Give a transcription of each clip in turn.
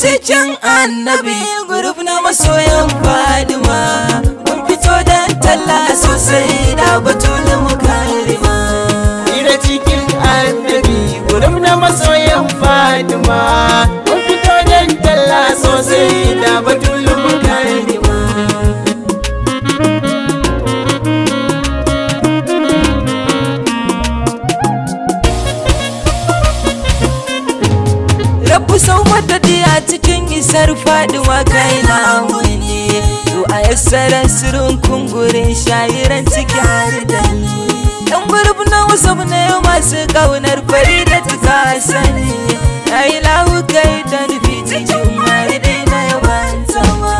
cikin annabi guruf na masoyan fadima mun fito don talla sosai da batulu muka matar faɗuwa kai na wuni to a yassara sirrin kungurin shayiran ciki har da ni dan gurbin na wasu ne masu ƙaunar fari da tuka sani ai yi lawu kai da nufi cikin mai dai na yawan zama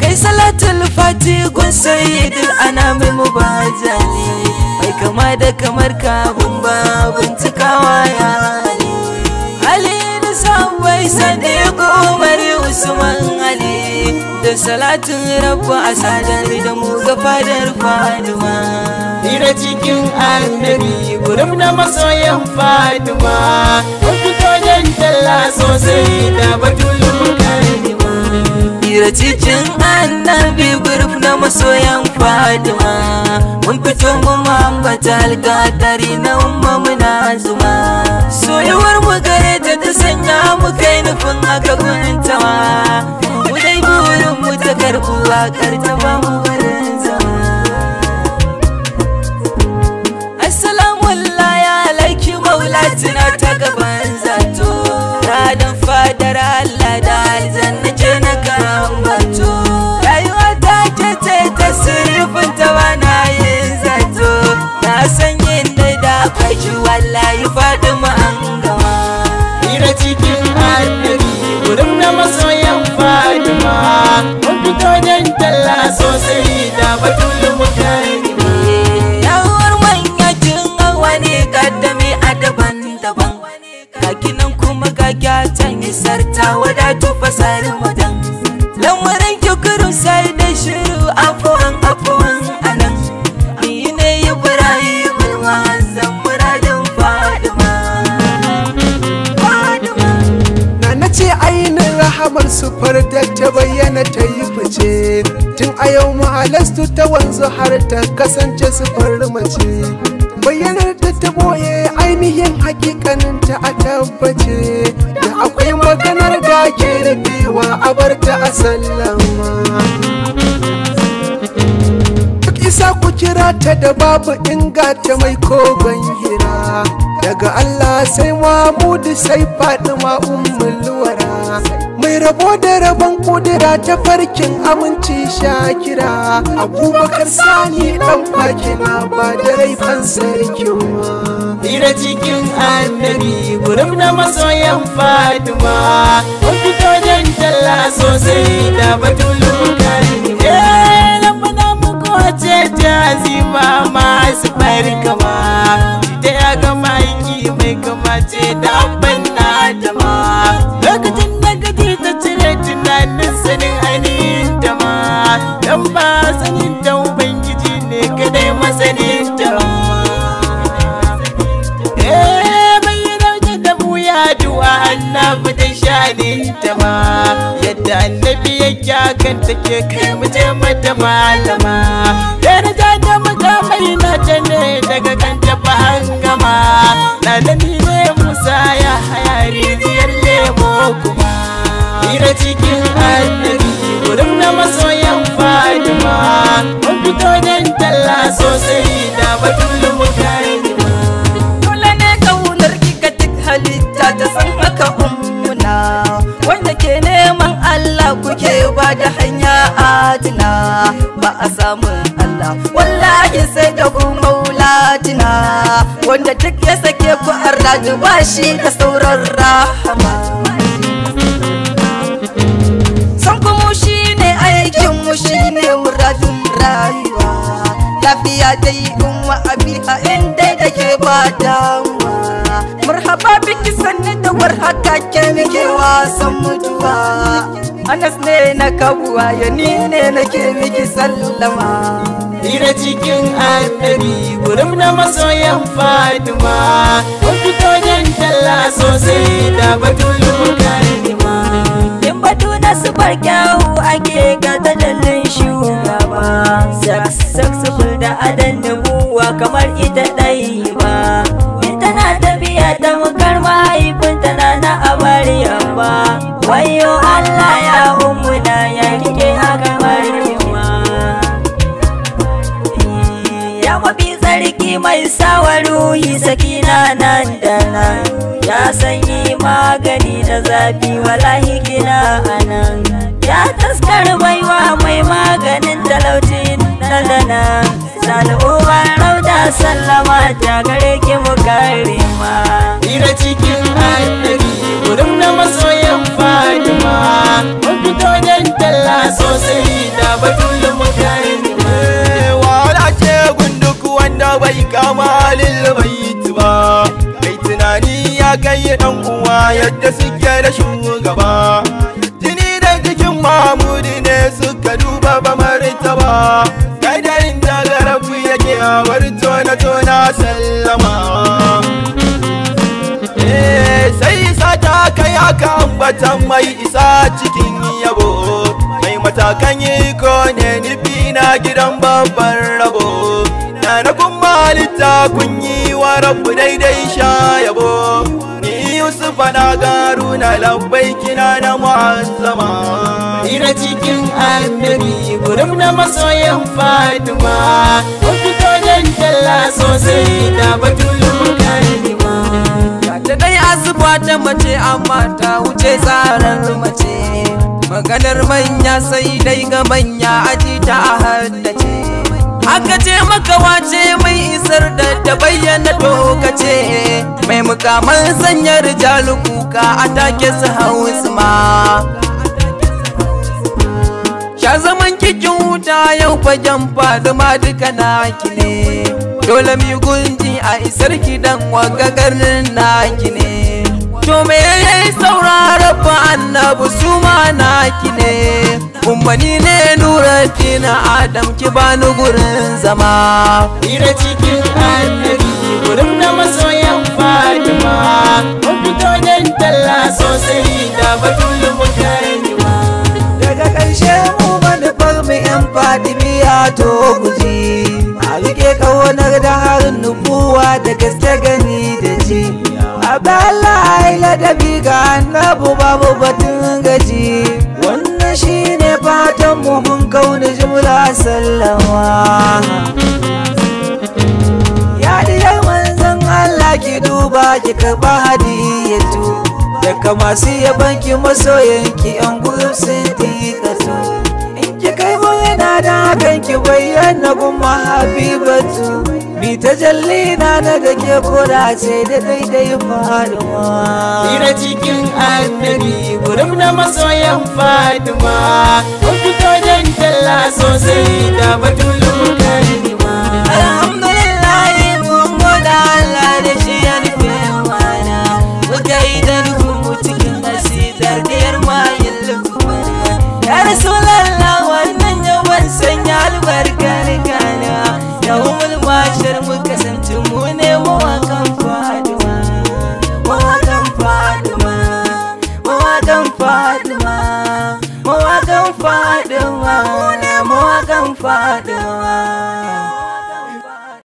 kai salatul fati gun sayyidul anami mubajali mai kama da kamar ka da salatin rabba a sadar da mu ga fadar fatima hira cikin annabi gurum na masoyan fatima kun fito jan talla sosai da batulun karima hira cikin annabi gurum na masoyan fatima mun fito mu mambata alkatari na umma muna zuma soyawar mu gare ta ta sanya mu kai nufin aka gudun tafi wakar ta ba mu barin zama assalamu ya alaiki maula tuna ta gaban zato radan fadar allah da aljanna ce na kan bato rayuwa ta ke ce ta sirrifin ta ba na yin zato na san yin da akwai ki wallahi fadima sosai da batu tun a yau mahalastu ta wanzu har ta kasance sufar mace bayyanar da ta boye ainihin hakikanin ta a tabbace da akwai maganar da ke rufewa a bar ta a sallama duk isa ku kira ta da babu ingata mai kogon hira daga allah sai mamudu sai faɗi ma'ummul mai rabo da rabon kudura ta farkin aminci shakira abubakar sani dan kwake na ba da raifan ma. Ira cikin annabi gurum na masoyan fatima kun fito jan talla sosai da batulu karin eh na muku ce ta zima masu farkan mata ma yadda annabi ya akan take kai mu je mata malama daraja da mukamai na ta ne daga kan ba hangama na da ne musa ya haya rijiyar lemo kuma hira cikin annabi ba a samun Allah wallahi sai da ku maulatina wanda duk ya sake ku arraji ba shi da sauran rahama san kuma shi ne aikin mu shi ne muradin rayuwa lafiya dai umma abiha in dai da ke ba damuwa marhaba biki sanni da warhaka ke muke wasan mutuwa Anas ne na kabuwa ya ni ne nake miki sallama Hira cikin annabi wurin na masoyan Fatima Kun fito jan talla sosai da batu karnima batu na su bar kyawu ake ga dalilin shugaba Sak successful da adan nubuwa kamar ita ɗai ba na tafiya ta mukar mahaifinta na na abar mai sawa ruhi sakina nan da nan ya sanyi magani na zafi walahi gina a nan ya taskar baiwa mai maganin talauci nan da nan saluwa rauta sallama ta gare ki mu ma. ina cikin annabi gudun na masoyan fadima mun fito dan talla sosai yadda suke da shugaba jini da jikin mamudi ne suka duba ba martaba gadarin da garabu yake a tona tona sallama eh, sai isa ta kai aka ambata mai isa cikin yabo mai matakan yi ko ne nufi na gidan babban rabo na na kun malita kun yi wa rabu daidai sha yabo fada garuna labbai kina na mu'azzama ina cikin annabi gurin na masoyan fatima kun fito dan talla sosai da batulun kalima ta dai azuba ta mace amma ta wuce tsarin mace maganar manya sai dai ga manya aji ta haddace haka ce maka wace mai isar da ta bayyana ce mai mukaman sanyar jaluku kuka a take su hausu ma sha zaman kikin wuta yau fagen ma duka na ne dole mi gunji a isar kidan wagagar na ne to me saurara fa annabu su ma naki ne ummani ne nuratina adam ki bani gurin zama ni cikin annabi gurin da masoyan fatima mun fito dan talla sosai da batul mukarima daga karshe mu manufar mu yan fatimiya to guji a rike na da harin nufuwa da gaske gani da ji abdallah ladabi ga annabu babu batun gaji wannan shine fatan mu mun kauna jimla sallama ya diyar manzon Allah ki duba ki karɓa hadiyatu daga masu yaban ki masoyanki yan gurin sun tikatu in ki kai mana yana da hakan ki bayyana kuma habibatu ni tajalli na na da ke koda ce da daidai faduwa Ira cikin annabi gurin na masoyan fatima kun fito jan talla sosai da batu